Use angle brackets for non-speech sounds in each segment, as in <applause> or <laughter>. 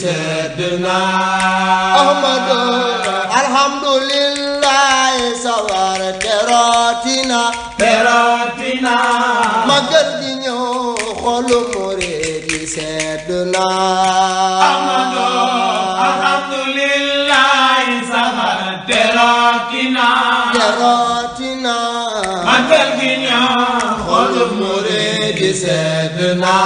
seydina ahmadu alhamdulillahi sawar terootina terootina magal gi ñëw xolu murid yi seydina ahmadu alhamdulillahi sawar terootina terootina magal gi ñëw xolu murid yi seydina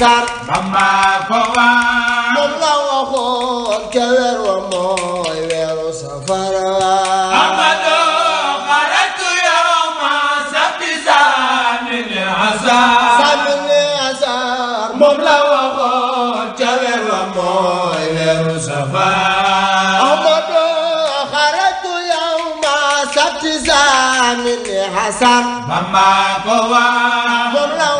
Maxtaar Bamba ko waa moom la waxoon ca weer wa mooy weeru safar la Amadou xaratu yawma sabti samin asar samin asar moom la waxoon ca weer wa mooy weeru safar Amadou xaratu yawma sabti samin asar Bamba ko waa moom la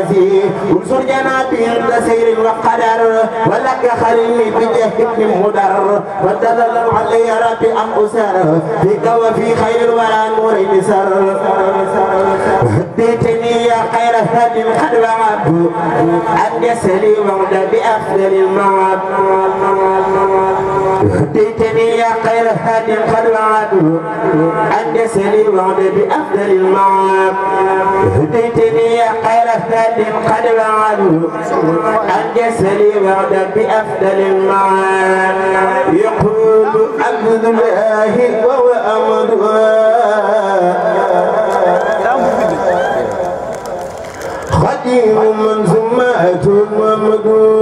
الذي انصر جنابي عند سير وقدر ولك خليلي بجه ابن مدر فتدلل علي ربي ام اسر فيك وفي خير ولا نور بسر هديتني يا خير هدي قد وعد ان يسلي وعد بافضل المعد هديتني يا خير هادي قد وعدوا أن يسلي الوعد بأفضل المعاد هديتني يا خير هادي الذي قد وعدوا أن يسلي وعدا بأفضل المعاد يقول عبد الله وهو أمد خديم من زمات ومدوا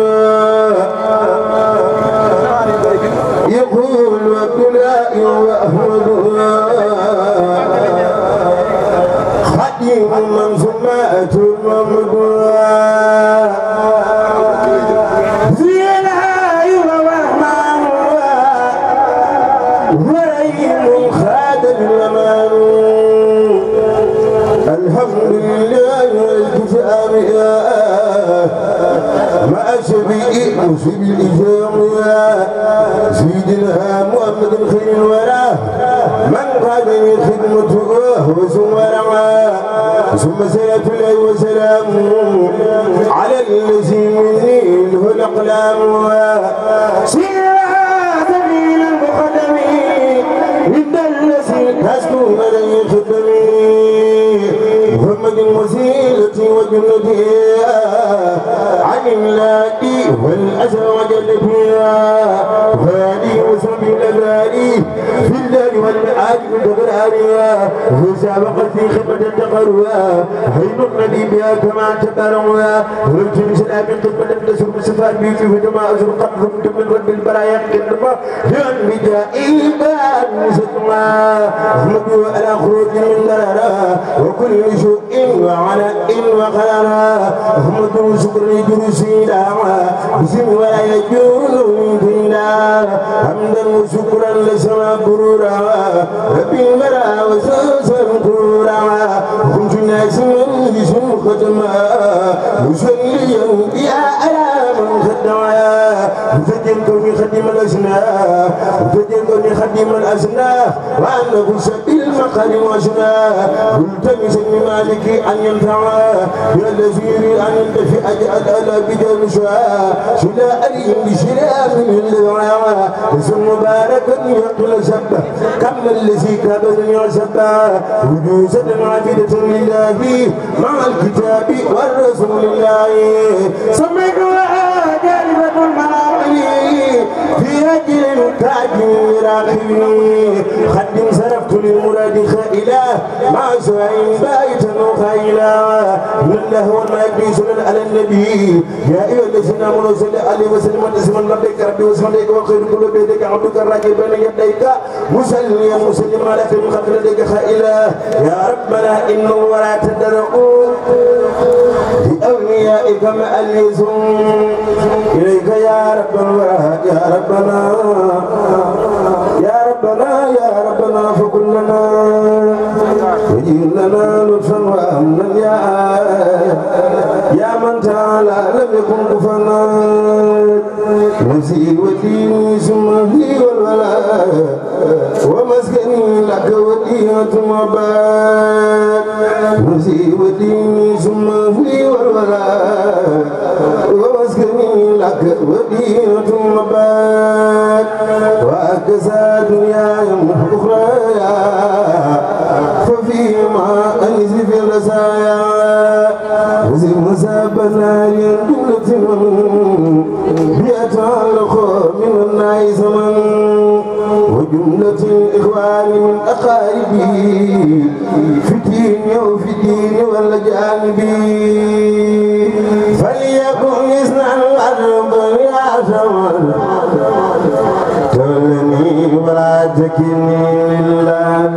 يقول عبد الله وأحمد خديم من زمات ومدوا في بالإثامية سيدنا محمد خير الورى من قابل خدمته ثم رعاه ثم سلف الله وسلام على الذي منه الأقلام سيدنا سبيل المقدم عند الذي تسلو ملي خدمي محمد وسيلتي وجندي عن الماء والأزواج النبيا وهذه وسمي الأباري في الليل والمعاد والدغراريا وسابقت في خدمة التقروى عين النبي بها كما تبرعوا والجنس الأمين قد مدفلس المسفى البيت ودماء زرقا ثم الود بالبرايا كلمة لأنبياء إيمان سلمى خلقوا على خروج من وكل شؤون وعلى إن وغيرا هم دون شكر جرسي دعوى بسم ولا يجور دينا حمدا وشكرا لسما غرورا ربي مرا وسوسا غرورا كنت ناسما لسم ختما وسليا بها الدواء وفجنكم خديم الأزناف وفجنكم خديم الأزناف وأنه سبيل المقال وزنا ملتمس من مالك أن ينفع يا الذي أن ينتفع أجعل ألا بجول شاء شلاء أليم بشلاء من الدواء اسم مبارك يقل سبا كم الذي كابد يسبا وجوزة عابدة لله مع الكتاب والرسول الله سمعوا أحمد المناقب في أجل تعجيل راقبي خدم سلفت لمراد خائلا مع سعيد بايتا وخيلا لله والمجد سنن على النبي يا أيها الذين آمنوا صلى عليه وسلم تسليما لبيك ربي وسلمك وخير كل بيدك عبدك الراجل بين يديك مسلم مسلم على في خاطر يديك خائلا يا ربنا إن الورى تدرؤون أوليائكم أليسوا إليك يا رب الورى يا ربنا يا ربنا يا ربنا فكن لنا وجيب لنا لطفا وأمنا يا يا من تعالى لم يكن كفنا نفسي وديني ثم هي ومسكن لك ودية مباد مصيبتي ثم في والولاء ومسكن لك ودية مباد وأكسى دنيا أخرى ففيما أنس في الرزايا وزم سابنا للجنة من بيتها الخوف من الناس من وجملة الإخوان من أقاربي في الدين وفي الدين والجانب فليكن إثنان الأرض يا شمال تولني ولا تكلني لله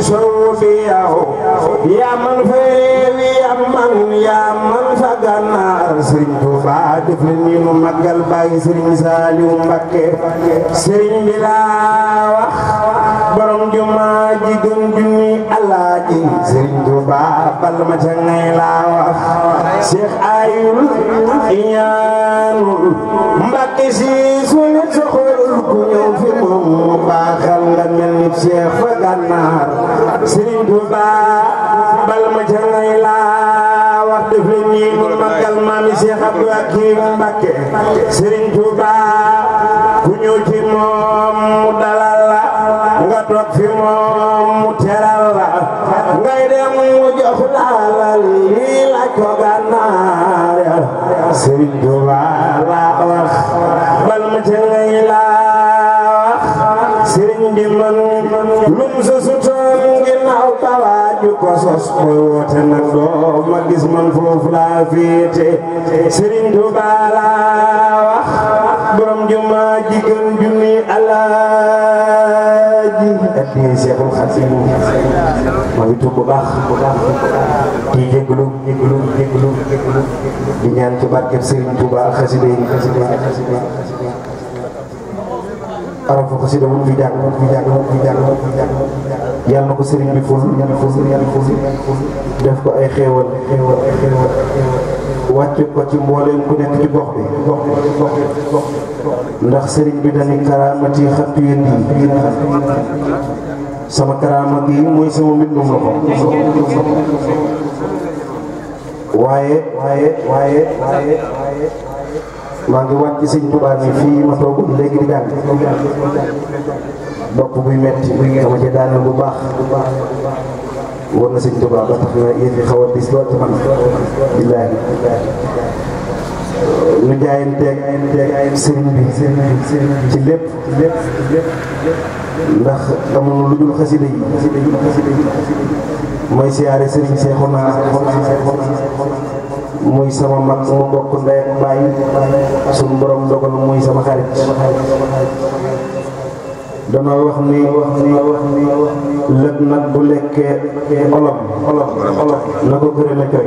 سودياه يا من فريوي يا من يا من فغنار سرين توبا def na nii mu màggal bàyyi sëriñ Saliou Mbacké sëriñ bi laa wax borom jumaa ji gën junni alaaji sëriñ Touba bal ma ca ngay laa wax Cheikh ayul iñaanul Mbacké si su nit soxorul ku ñëw fi moom mu baaxal nga mel ni Cheikh fa gànnaar sëriñ Tuuba bal ma ca ngay laa wax def leen nii mu màggal maami Cheikh Abdou Hakim Mbacké sëriñ Tuuba ku ñëw ci moom mu dalal nga toog fi moom mu teral ngay dem mu jox laalal lii la ko gànnaar sëriñ Tuuba la wax bal ma ca ngay laa wax sëriñ di man lum sa sut sos koy woote nag doo ma gis man foofu laa féete Sëriñ Tuuba laa wax borom juma ji gën junni alaaji addi Seexul Xadim ma ngi tuub bu baax bu baax di jéglu jéglu jéglu di ñaan ci barkeb Sëriñ Tuuba xasida yi xasida yi araf xasida wut fi jàng wut fi jàng wut fi jàng yàlla ko sëriñ bi ful yàlla ful yàlla ful def ko ay xéewal xéewal ko ci mbooleem ku nekk ci gox bi gox bi ndax sëriñ bi dañuy karaamati xattu yéen yi sama karaama gi mooy sama mbindum loxo waaye waaye waaye waaye maa ngi wàcc sëñ Tuubaa ni fii ma toogoon léegi di jàng bopp buy metti dama ci daaneel bu baax war na sëñ Tuubaa ba tax na yëf yi xaw a dis lool ci man billaahi ñu jaayanteeg sëriñ bi ci lépp ndax amuñu lu dul xasida yi mooy siyaare sëriñ Seexuna muy sama mag sama bokk ndey ak baay suñu borom dogal muy sama xarit dama wax ni wax ni wax ni lëg nag bu lekkee olof olof olof na ko gërëme coy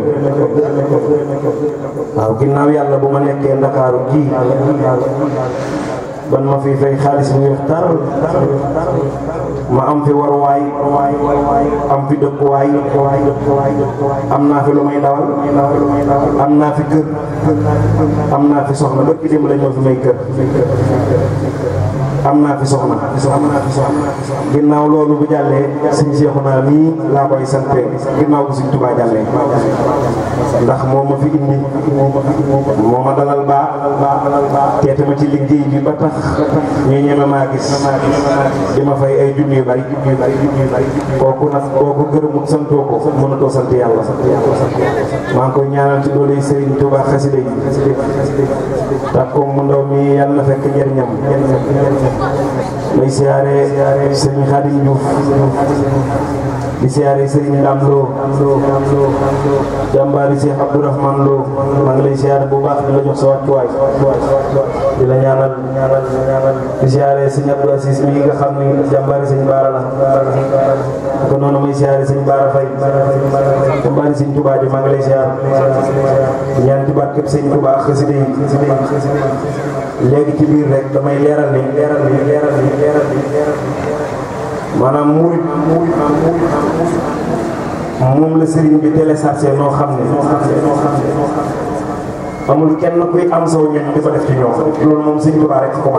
waaw ginnaaw yàlla bu ma nekkee ndakaaru ji ban ma fi fay xaalis bu weex tar ma am fi waruwaay am fi dëkkuwaay am naa fi lu may dawal am naa fi kër am naa fi soxna ba ki dem la ñoo fi may kër am naa fi soxna am naa ginnaaw loolu bu jàllee suñu seexu naa nii laa koy sante ginnaaw bu suñ tubaa ndax moo ma fi indi moo ma dalal baa teete ma ci liggéey bi ba tax ñu ñeme maa gis di ma fay ay junni yu bari kooku nag kooku gërëmut santoo ko mënatoo sant yàlla maa ngi koy ñaanal ci doole sëriñ tubaa xasida yi te ko mu ndaw mi yàlla fekk njëriñam may siyaare sëriñ Xadim Diouf di siyaare sëriñ Ndam Lo jàmbaari Cheikh Abdourahman Lo maa ngi lay siyaare bu baax di la jox sa wàccuwaay di la ñaanal di siyaare sëriñ Abdou Aziz mi nga xam ne jàmbaari sëriñ Baara la ko noonu may siyaare sëriñ Baara Faye jàmbaari sëriñ Touba ji maa ngi lay siyaare ñaan ci barkeb sëriñ Touba ak xasida yi léegi ci biir rek damay leeral ni leeral ni leeral ni maanaam murit moom la sëriñ bi téléchargé noo xam ne noo xam ne amul kenn kuy am saw ñun di ko def ci ñoom loolu moom sëriñ Tuubaa rek ko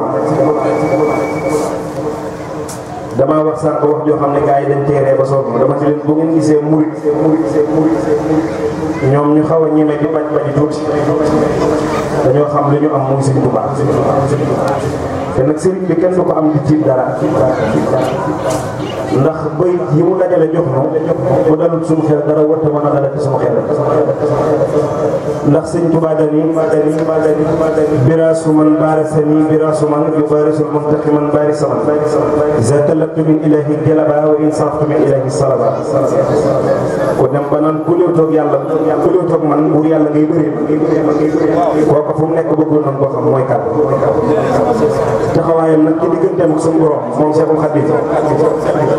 wax sànq wax joo xam ne gars yi dañ teeree ba soog dama ci leen bu ngeen gisee murit ñoom ñu xaw a ñeme di bañ bañ tuuti dañoo xam li ñu am si Serigne ba Serigne Touba te nag si bi kenn du ko am di ci dara. ndax bëy yi mu dajale jox ko mu dalul suñu xel dara wërte mën a dalal ci sama xel ndax sëñ Tuubaa dani biraasu man baarisani biraasu man yu baarisul muntaqi man baarisaman za talabtu min ilahi jalaba wa insaftu min ilahi salaba ku dem ba naan ku ñëw toog yàlla ku ñëw toog man buur yàlla ngay bëri kooku fu mu nekk bëggul noonu boo xam mooy kàddu taxawaayam nag ci digganteem ak suñu borom moom Seexul Xadiim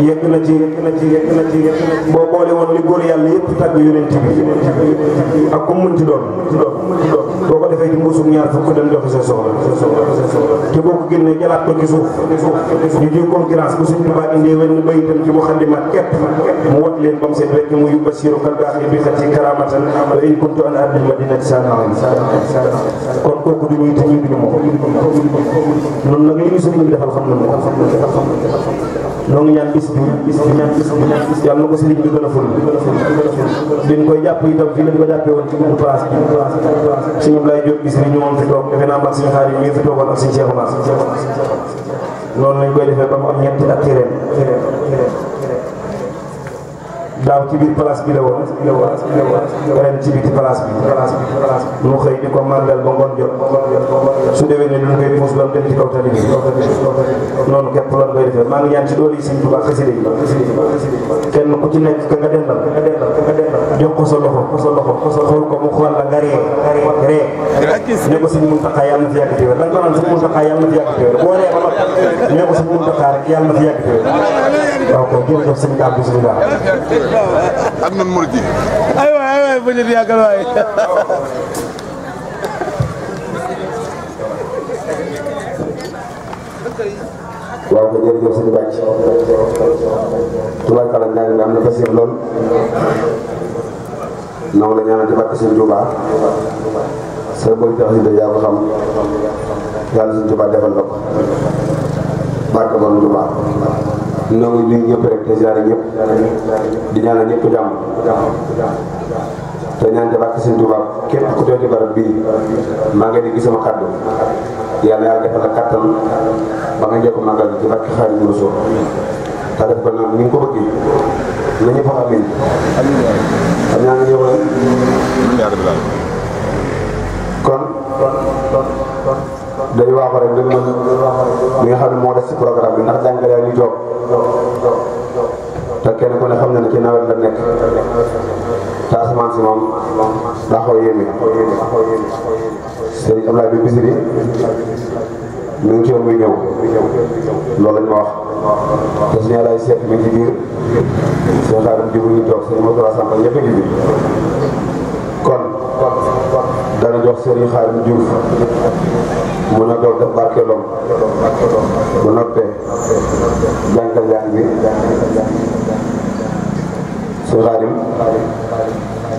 yegg na ci yegg na ci yegg na ci yegg na ci boo boole woon li góor yàlla yëpp tàgg yonent bi ak ku mën ci doon boo ko defee ci mbuusum ñaar fukk dem joxe sa soxla te boo ko génnee jalaat ko ci suuf ñu ji concurrence bu suñ tubaab indee wenn bayitam ci mu xandimat képp mu wat leen ba mu seet wekk mu yubba siiru kal baaxi bi xat ci karamatan wa in kuntu an ardil madinati sanaan kon kooku du ñuy te ñuy duñu moom noonu nag li ñu sëriñ bi defal xam na moom noo ngi ñaan bis bi bis bi ñàkk bis bi ñàkk bis ko sëriñ bi gën a ful gën a ful gën a ful biñ koy jàpp itam fii lañ ko jàppee woon ci buntu place bi place lay jóg gis ni ñu moom fi toog defe naa mag suñu xaar yi ñu fi toogoon ak suñu Cheikh Omar noonu lañ koy defee ba mu am ñetti at ci daaw ci biir place bi la woon ren ci biir place bi place bi mu xëy di ko màndal ba ngoon jot su demee ne ñu koy puus ba mu dem ci kaw tali bi noonu képp lan koy defee maa ngi ñaan ci doole yi sëñ Tuubaa xasida yi kenn ku ci nekk ka nga dendal ka nga dendal ka nga dendal jox ko sa loxo ko sa loxo ko sa xool ko mu xool la nga ree ree ne ko sëñ Muntaxa yàlla na fi yàgg téwér da nga ko naan sëñ Muntaxa yàlla na fi yàgg téwér boo ree ba noppi ne ko sëñ Muntaxa rek yàlla na fi yàgg téwér waaw kon jërëjëf sëñ Dame bisimilah. ak noonu Mor Dieng. aywa aywa bu ñu yàggal waay. waaw kon jërëjëf sëñ Bàcc. tubaarkàlla ñaan nga am na basiir lool. noonu la ñaanal ci barke sëñ Touba. sëñ booy tax si yaa ko xam. yàlla sëñ Touba defal la ko. barke borom Touba. ñoo ngi nuyu ñëpp rek te ziare ñëpp di ñaanal ñëpp jàmm te ñaan te bàkk seen tubaab képp ku doon barab bii maa ngi gis sama kàddu yàlla yàlla defal la kàttan ba nga njëkk màggal ci bàkki xaari ñu rasul te ko nag ni nga ko bëggee na ñëpp xam ne xam ñaa ngi ñëw kon day waaxu rek ngeen mën li nga xam ne moo des ci programme bi ndax jàngale ñu toog te kenn ku ne xam na ne ci nawet la nekk te asamaan si moom daa xaw yéeme sëriñ Ablaye bi bisiri mi ngi ci yoon muy ñëw loolu lañ ma wax te suñu laay seet mi ngi ci biir seen xaarum jibu ñu toog seen motura sampa ñëpp a ngi bi kon dana jox sëriñ xaarum Diouf mu na doon def barkeeloom bu noppee jàngal jàng bi si xaarim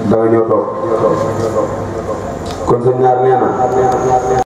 da nga ñëw toog kon sa ñaar nee na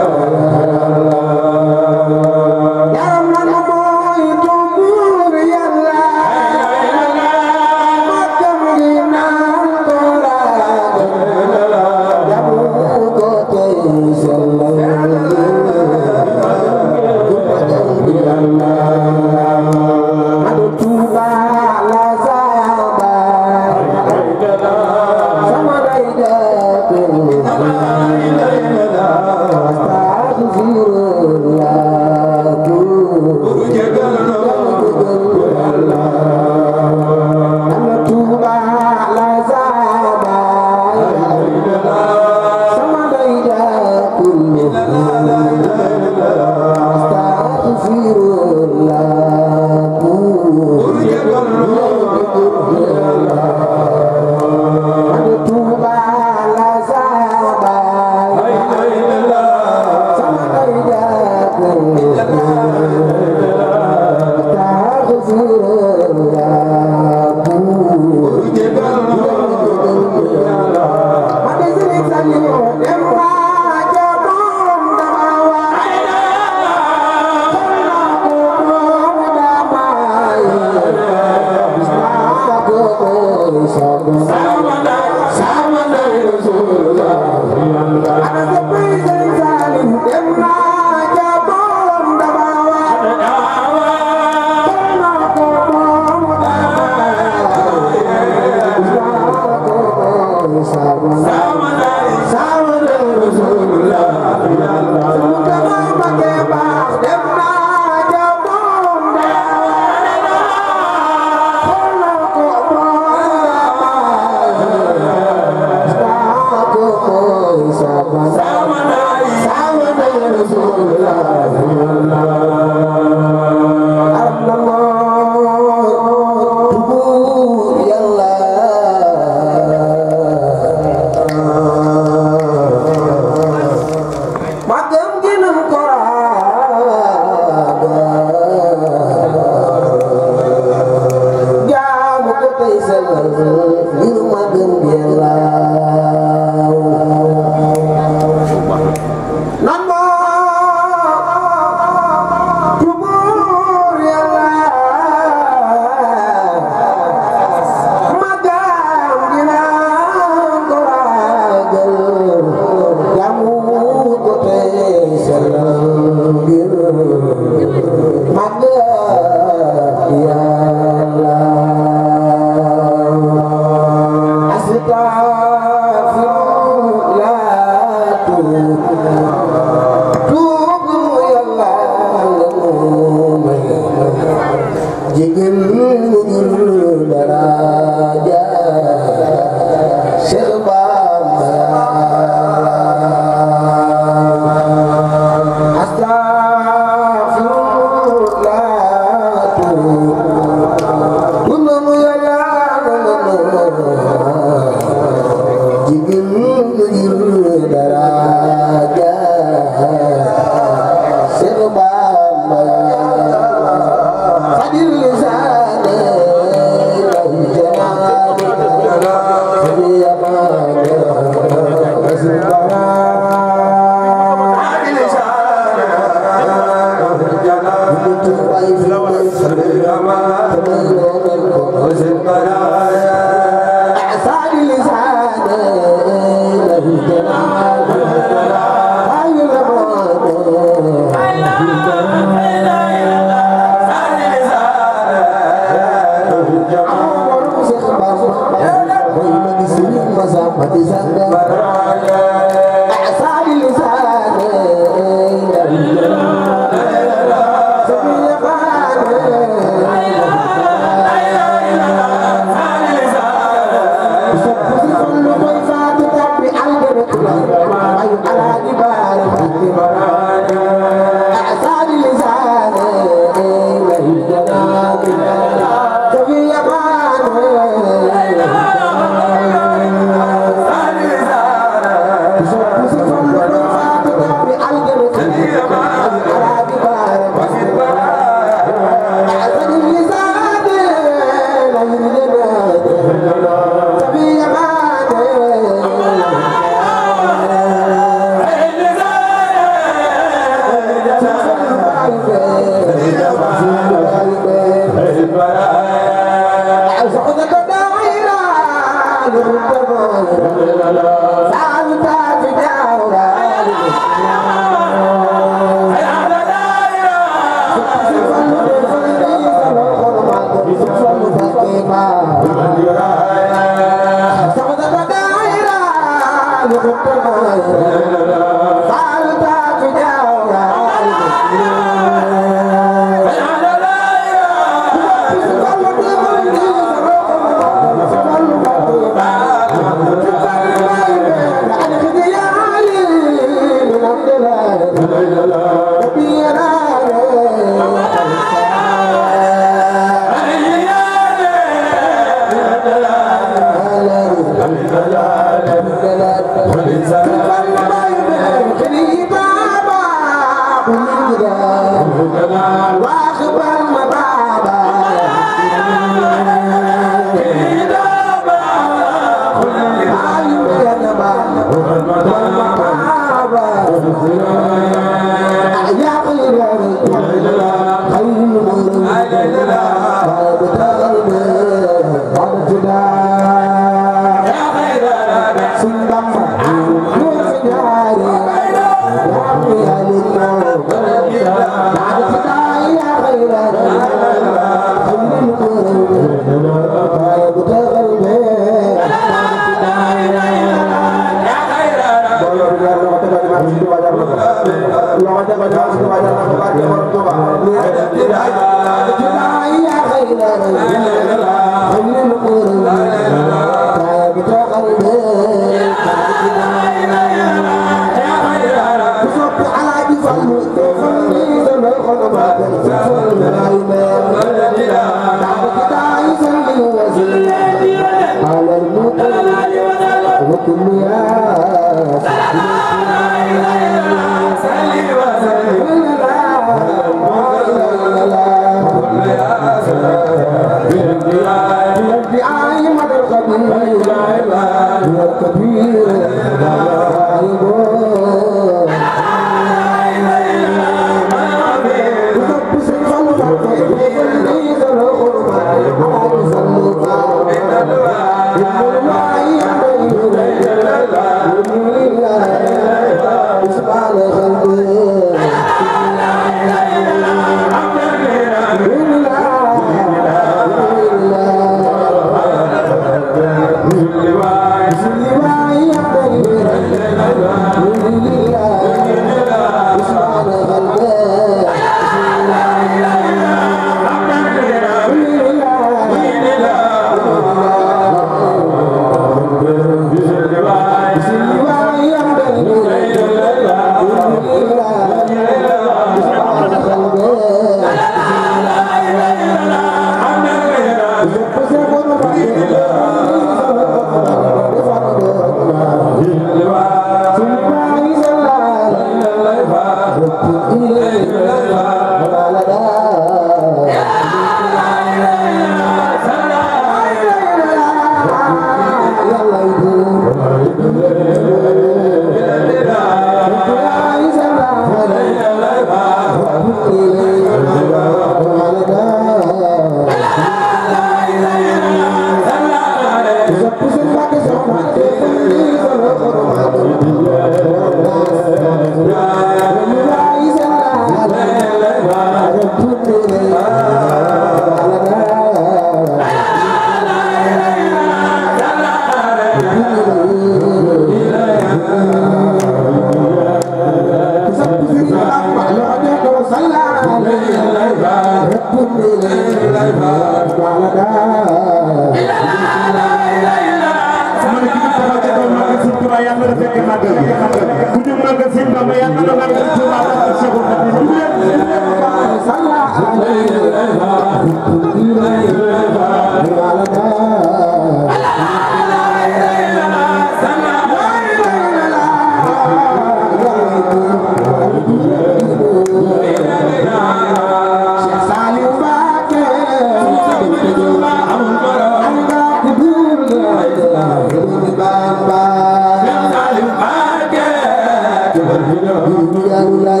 Alhamdulillah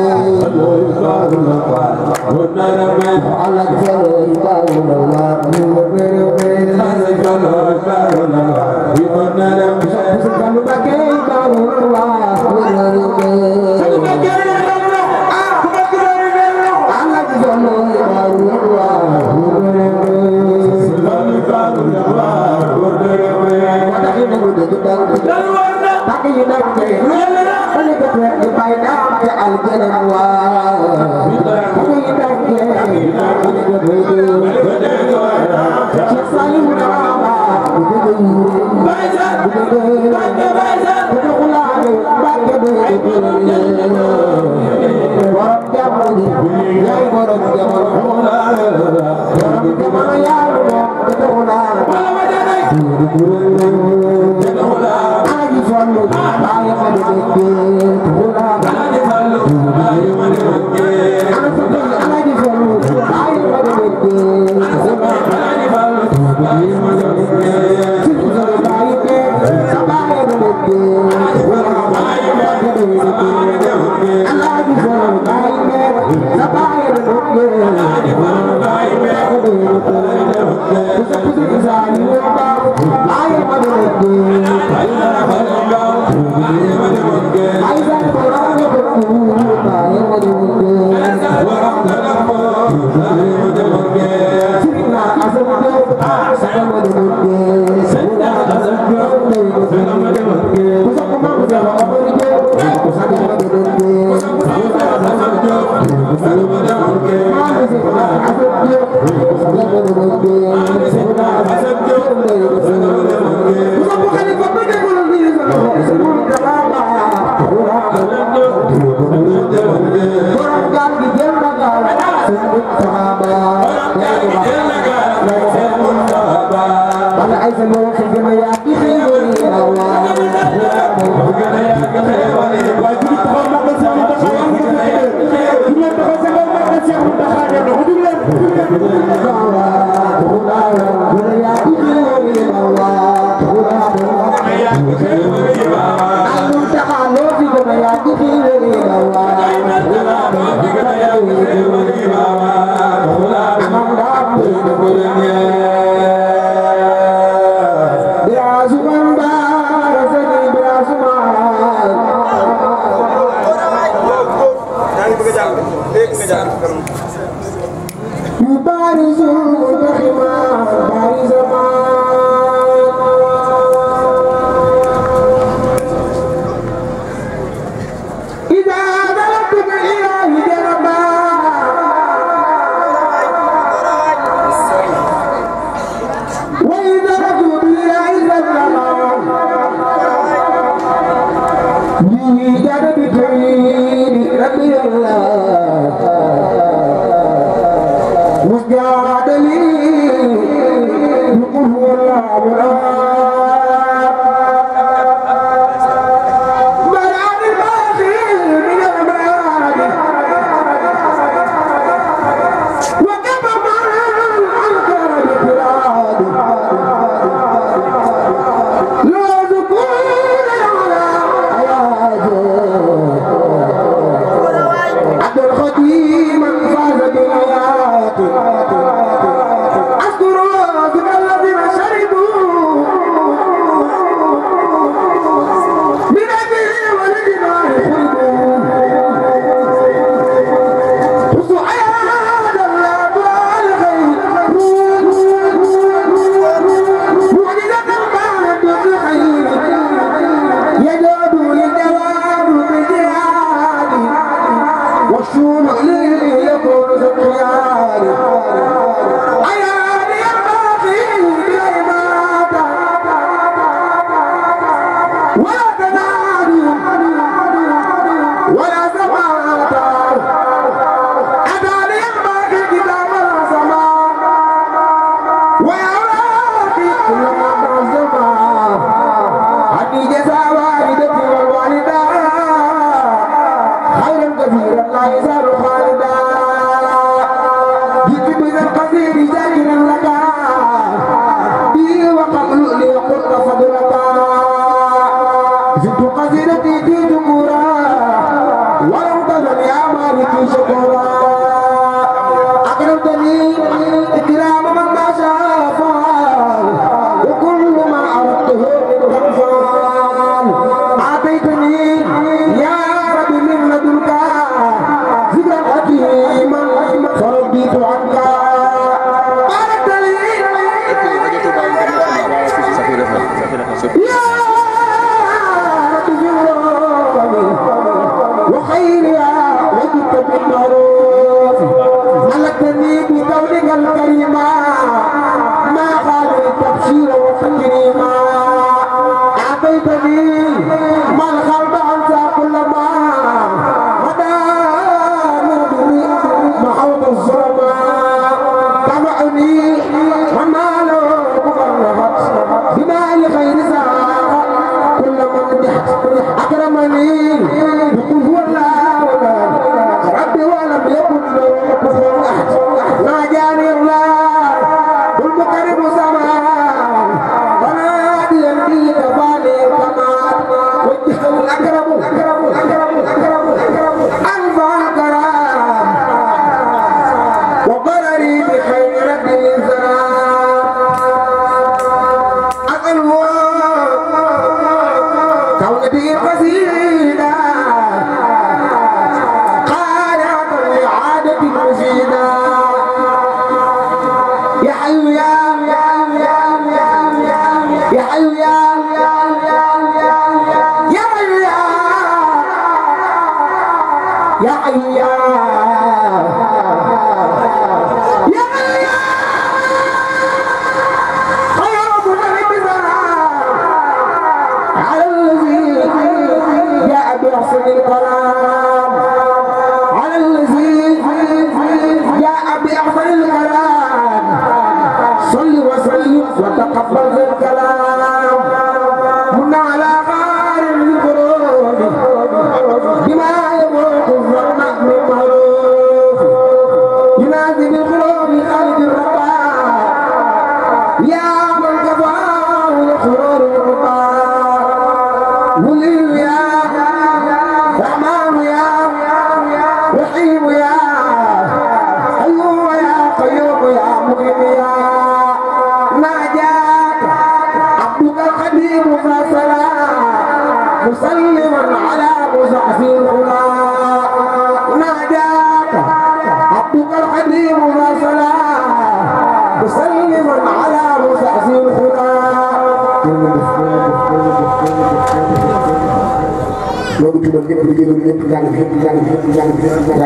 على الجلال قوم الله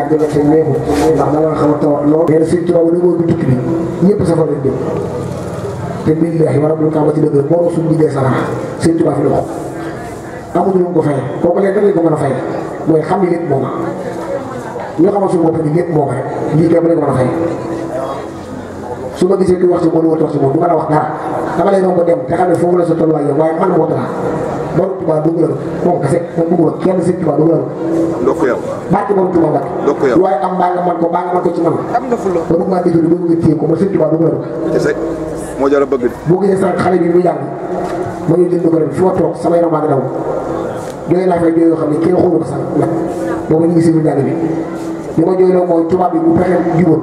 àjjana te neexu ndax da a tawat lool. nee na Sëriñ Tuubaa ni mooy bu tukki bi ñëpp safara lañ jëm te biir leex yi a mun kàmba ci dëgg a mooy xam ni lépp moom ñu xamal suñu bopp ni a fay su ma gisee ku wax ci moom a wax dama lay doon ko dem te xam ne foofu la sa tolluwaay yow waaye man moo tax borom Tuubaa dugg la moom a moom bëggul kenn Sëriñ Tuubaa dugg la. ndokk yow. bàcc borom Tuubaa bàcc doo ko yor waaye am baa nga man ko baa nga man ko ci man am nga fulla ba bëgg maa dégg lu bëgg nga téye ko ma sëñ Tuubaa du ma yor moo jar a bëgg boo gisee sànq xale bi mu yàgg ma ñu dégg ko ren fi ma toog sama yaram maa ngi daw jooy naa fay jooy yoo xam ne kenn xoolu ko sax nag booba ñu ngi si biir njàng bi li ma jooyloo mooy tubaab bi bu fexee bu juboon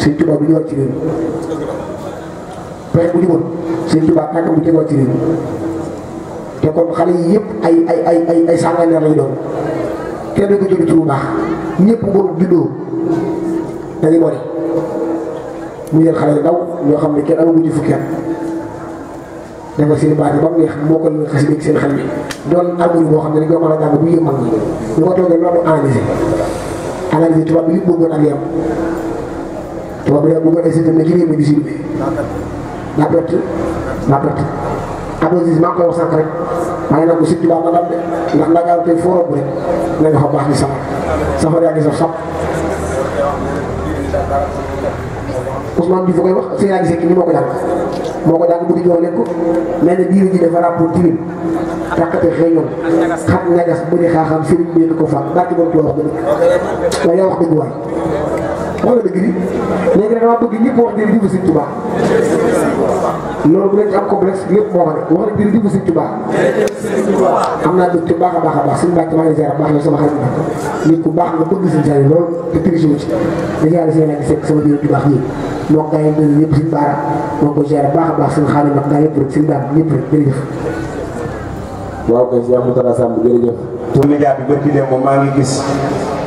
sëñ Tuubaa bi ñu war ci réew pexe bu juboon sëñ Tuubaa tànk bu tegoo ci réew te kon xale yi yëpp ay ay ay ay ay sànganeer lay doon kenn du ko jël turu baax ñëpp boobu juddoo dañu bari mu jël xale yu ndaw ñoo xam ne kenn amaguñu ci fukki at defal seen baat yi ba mu neex moo ko xam ne dañ ko mën a jàng bu yëg mag ñi ñu ko toogee loolu analysé analysé tubaab bi li bëggoon ak yam tubaab bi bëggoon ay système ne ci réew mi di si la la koy wax sànq rek maa ngi naan ko sëñ tubaab ma dam de ndax nagaaw tey foo romb rek na xam baax ni sama safar yaa ngi saf sap Ousmane bi koy wax sëñ yaa gisee kii ni moo ko jàng moo ko jàng bëgg ñoo leen ko mel ne biir ji dafa rapport tilim tàqate xëyoon xam ñagas bu xaaxam sëriñ bi ko fa barki borom ko wax dëgg waaye yaa wax dëgg waay wala dëgg di léegi nag wax jërëjëf Sëñ Tuubaa loolu bu leen ci am complexe lépp moo xam ne wax na jërëjëf Sëñ Tuubaa xam naa dëgg te baax a baax a baax suñu bàcc maa ngi ziar baax na bi nit ku bëgg suñu saa yi bëgg ñëpp suñu baara moo ko ziar baax a baax suñu xaalis nag gaa yëpp rek bi bërki moom maa ngi gis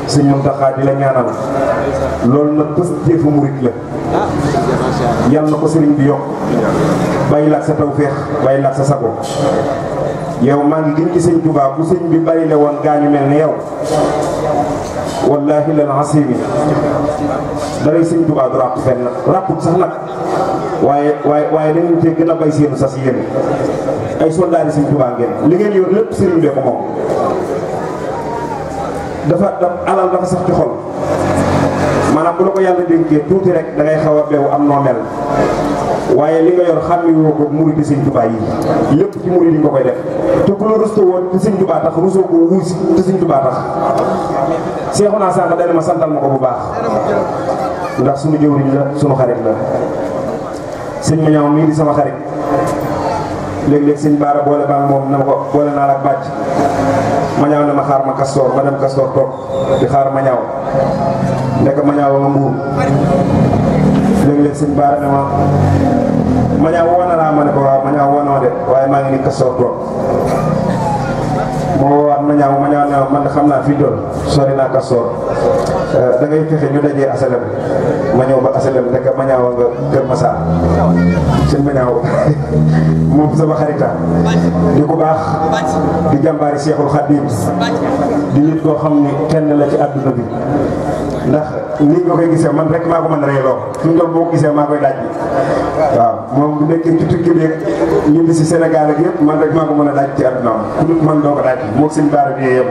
sëñ Muntaxa di la ñaanal loolu nag bés jëfu murit la yal na ko sëriñ bi yokk bàyyi la ak sa tawféex bàyyi la sa sago yow maa ngi gën ci sëñ Tuubaa sëñ bi bay la woon gaañu mel ni yow wallaahi lal asiimi daray sëñ Tuubaa ràpp sax nag waaye waaye waaye dañu te gën a bay seenu sas yéen ay soldaari sëñ Tuubaa ngeen li ngeen yor lépp sëriñ bee ko moom dafa alal dafa sax ci xol maanaam bu la ko yàlla dénkee tuuti rek da ngay a beew am noo mel waaye li nga yor xàmmiwoo ko murid di sëñ Tuubaa yi lépp ci murid yi ko koy def te ku la ruste woon te sëñ Tuubaa tax rusoo ko wuus te sëñ seexu naa sànq dana ma santal ma ko bu baax ndax suñu jëwriñ la suñu xarit la sëñ ma ñaaw mii di sama xarit léeg-léeg sëñ Baara boole baa moom na ma ko boole naa la bàcc na xaar ma kastoor ma dem kastoor toog di xaar ma ñaaw ndekk ma ñaaw ma mbuur léeg-léeg suñ baara ne ma ma ñaaw woo na ma ne ko waaw ma ñaaw woo na waaye maa ngi ni kastoor toog moo woowaat ma ñaaw ma ñaaw ne ma man xam naa fii doon sori naa kastoor Euh, da ngay fexe ñu dajee asalam ma ñëw ba asalam rek ma ñaaw nga Kër Masar sëñ ma ñaaw <laughs> moom sama xarita di ku baax di jàmbaari Seexul Xadiim di nit koo xam ni kenn la ci àdduna bi ndax ni nga koy gisee man rek maa ko mën a reyloo fi mu toll boo ko gisee maa koy daaj bi waaw moom bu nekkee ci tukki bi ñu di si Sénégal ak yëpp man rek maa ko mën a daaj ci àdduna man doo ko daaj bi moog bi yëpp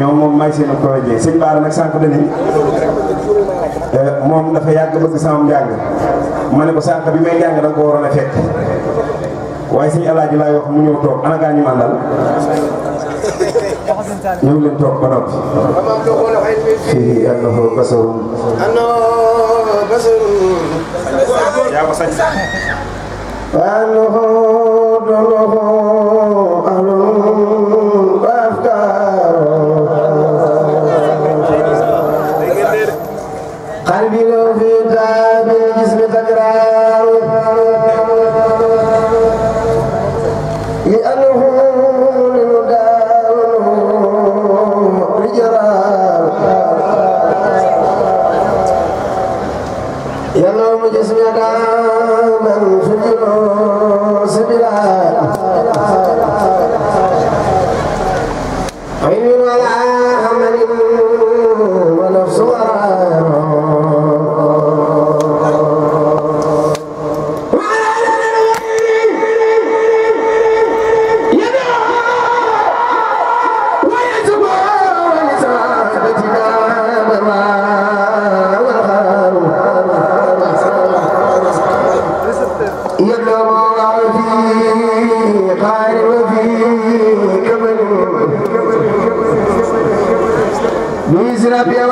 ñoom moom maay seen ko rajee sëñ nag sànq dani euh, moom dafa yàgg bëgg sama njàng ma ne ko sànq bi may njàng da ko waroon a fekk waaye sëñ Alaaji laay wax mu ñëw toog ana gaa ñu ngi leen toog ba noppi. fii annahu basarun. yaa ko sañ. annahu Israel,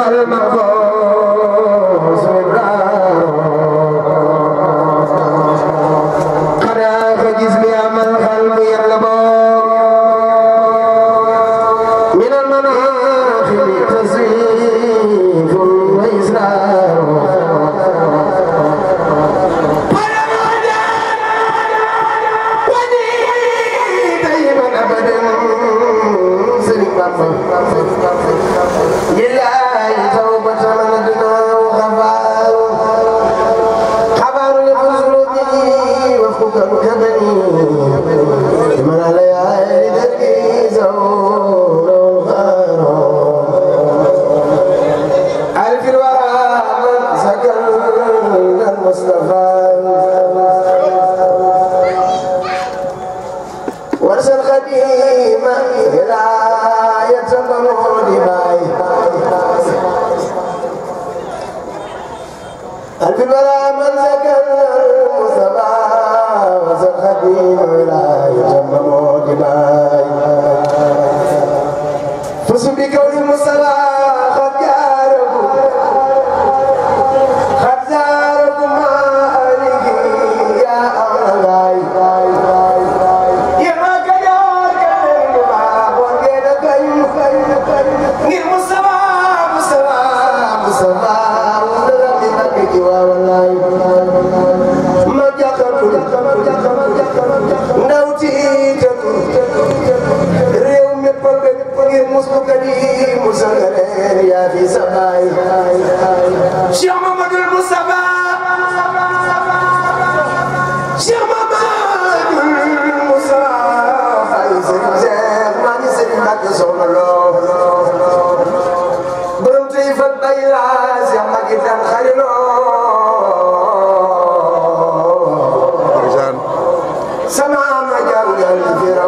سمعنا جاولا كثيرا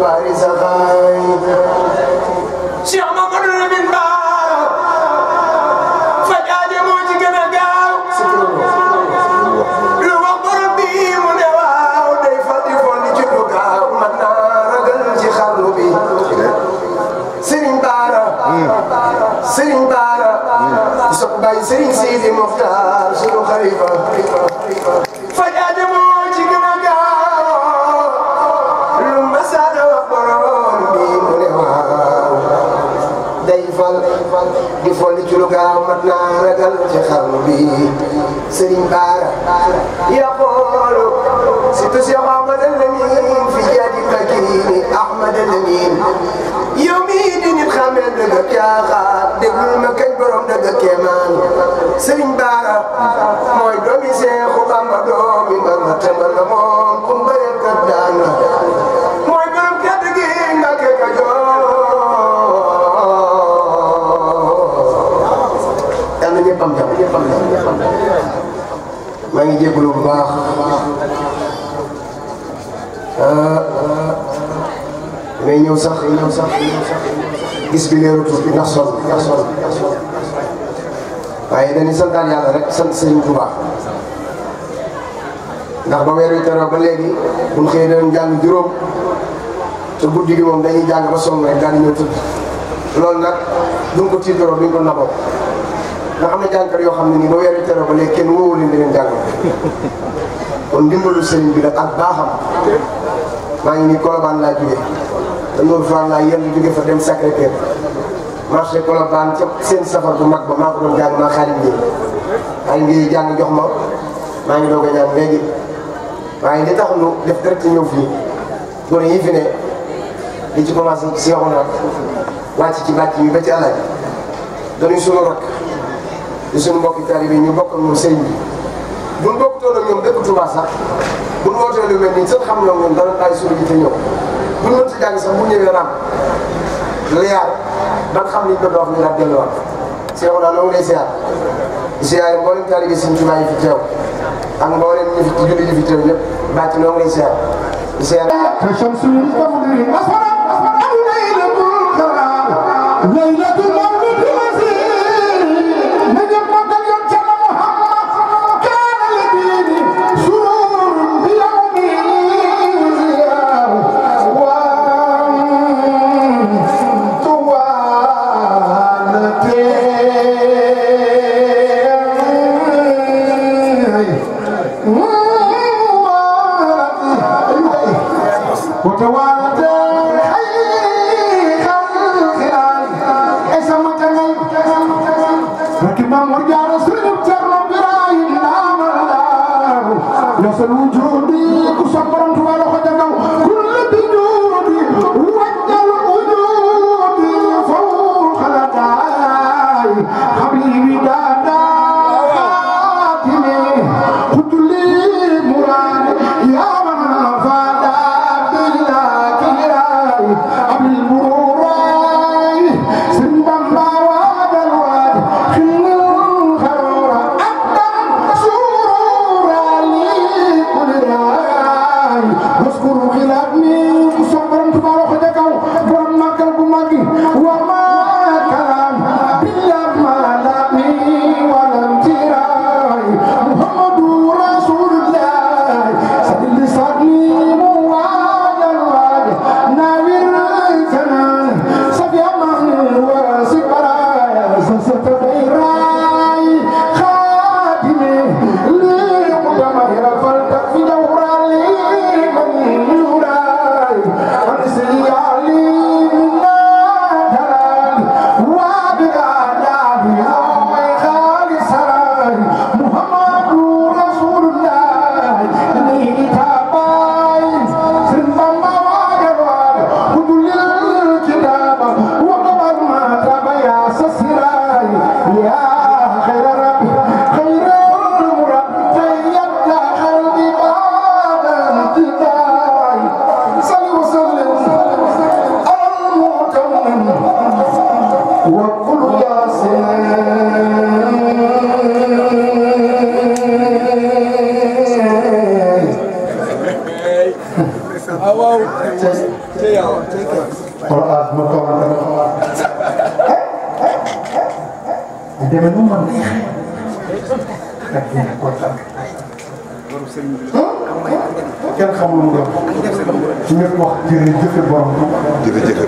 بارزا ci lu gaaw mat naa ragal ci xarnu bi sëriñ baara yaqoolu surtout si Ahmad Lamin fi jadi fakini Ahmad Lamin yow mii di nit xamee dëgg caaxaar déglul ma kañ borom dëgg kemaan sëriñ baara mooy doomi Seexu Bamba doomi Bamba tëmbal la moo ngi jégalu bu baax euh, mais ñëw sax ñëw bi gis bi leeru tuuti ndax sol ndax sol waaye dañuy santaan yàlla rek sant Sëriñ Tuubaa ndax ba weer wi teroo ba léegi bu ñu xëyee dañu jàng juróom te guddi gi moom dañuy jàng ba sonn rek daal di ñëw tëdd loolu nag duñ ko tiitaroo duñ ko naboo nga xam ne jàngkat yoo xam ne nii ba weer wi teroo ba léegi kenn wóowu leen di leen jàngal kon ndimbalu sëriñ bi nag ak baaxam maa ngi ngi Colobane laa jógee te Nour Fall laa yéen jóge fa dem Sacré-Cœur marché ca seen safar bu mag ba maa ko doon jàng maa xaalim bi xaalim bi jàng jox ma maa ngi doog a ñaan léegi waaye li tax ñu def direct ñëw fii gone yi fi ne li ci commencé ci seexu naa wàcc ci bàcc yi ba ci alaaj dañuy sunu rakk di sunu mbokki taalibe ñu bokk ak ñoom yi bu ñu bokkutoon ak ñoom dëkk Touba sax bu ñu wootee lu mel nii seen xam ñoom ñoom dana bàyyi suñu gite ñëw bu ñu mënti jàng sax bu ñëwee ram liyaar ba nga xam ni ñu doon wax ñu daal delluwaat. Seydou Ndao loolu lay ziar ziar mboolem taalibe Sëriñ Touba yi fi teew ak mboolem ñu fi julli yi fi teew ñëpp bàcc loolu lay ziar ziar. te Shamsul Fadli asfara asfara. jërëjëf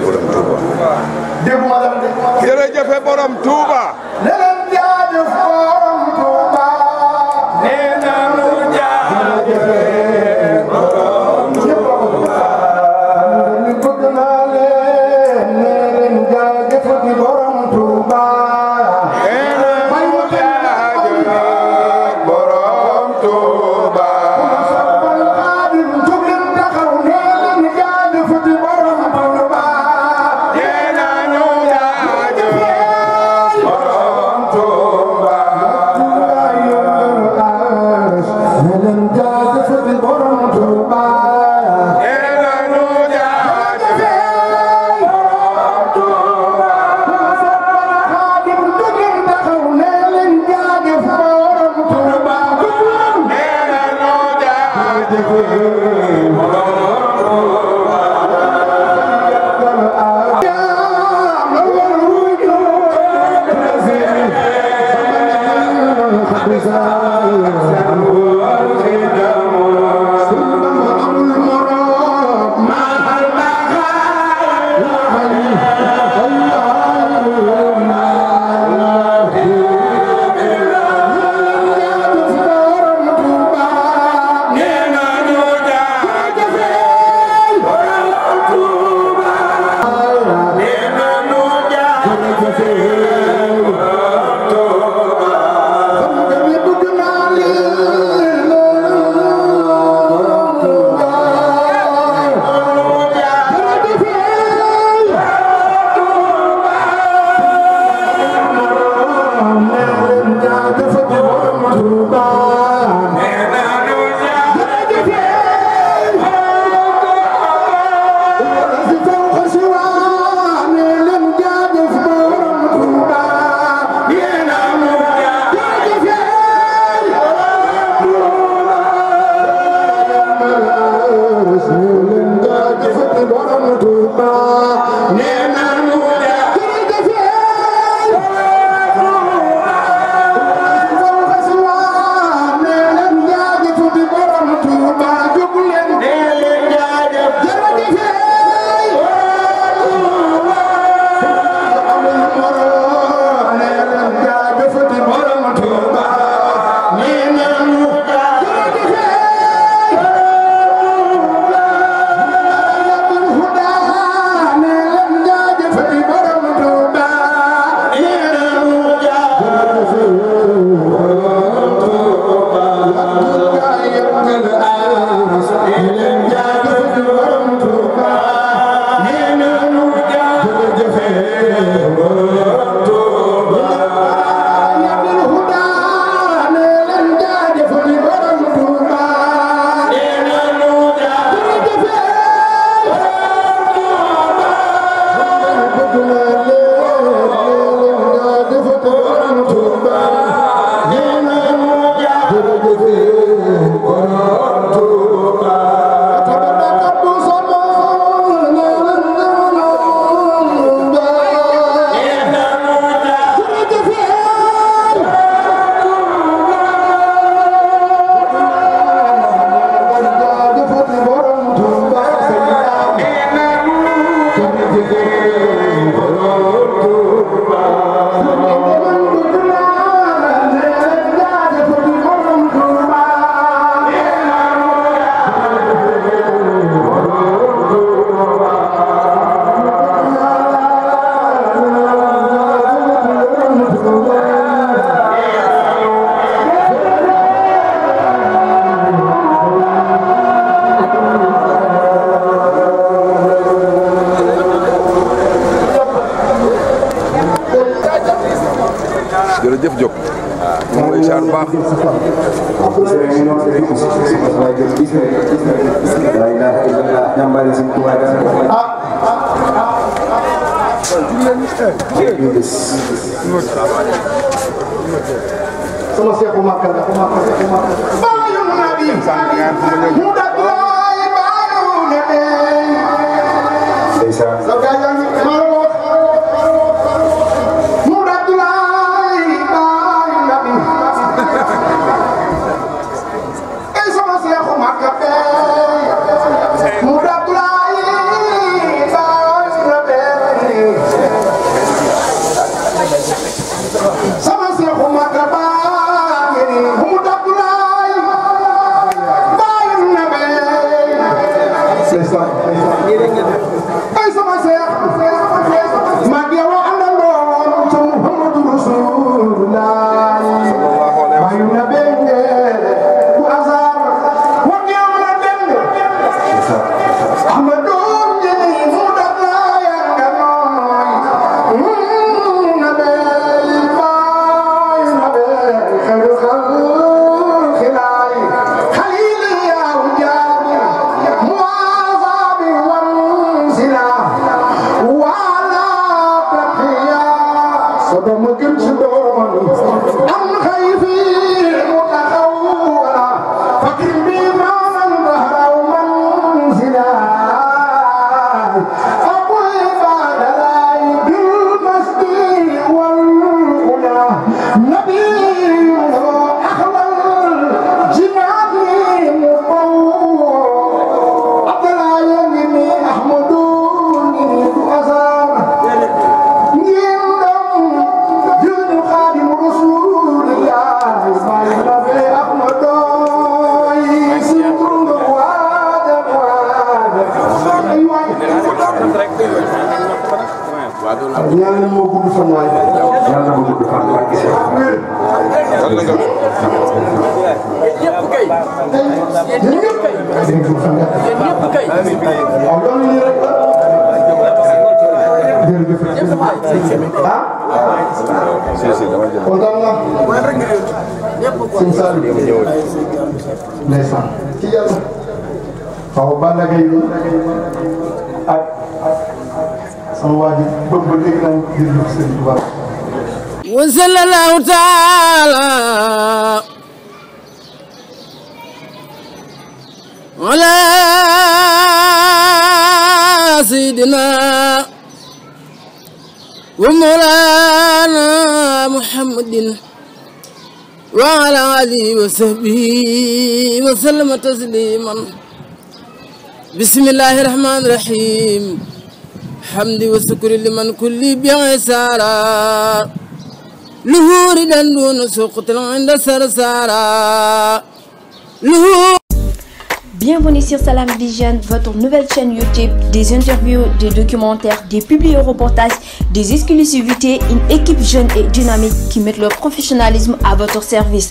jërëjëf sëñ Touba. wa sallallahu taala ala sayyidina wa mawlana Muhammadin wa ala alihi wa sahbihi wa sallama tasliman bismillahi rahmani rahim hamdi wa sukri liman kulli bi'isara luhuri dan dunu suqtil inda sarsara luhuri Bienvenue sur Salam Vision, votre nouvelle chaîne YouTube, des interviews, des documentaires, des publi-reportages, des exclusivités, une équipe jeune et dynamique qui met leur professionnalisme à votre service.